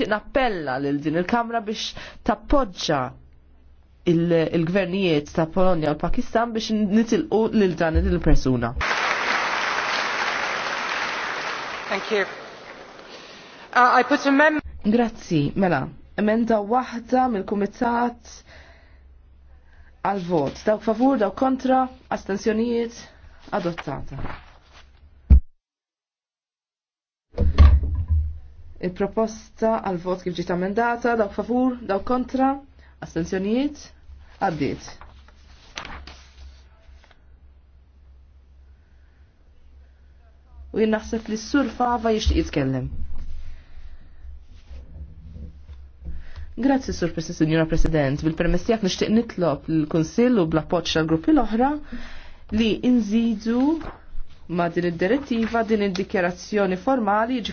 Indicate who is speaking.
Speaker 1: nixtieq nappella lil din il-Kamra biex tappoġġa il-gvernijiet ta' Polonja u pakistan biex nitilqu lil dan il-persuna. Thank you. Uh, I put a mem Grazzi, mela. Emenda waħda mill-Kumitat għal-vot. Dawk favur, dawk kontra, astensjonijiet, adottata. Il-proposta għal vot kif ġiet amendata, dawk favur, dawk kontra, astenzjonijiet, għaddiet. U jien naħseb li s-sur fava jixtieq jitkellem. Grazzi, Sur Signora President, bil-permess tiegħek nixtieq nitlob l-Kunsill u bl-appoġġ tal-gruppi l-oħra li nżidu ma' din id-direttiva din id-dikjerazzjoni formali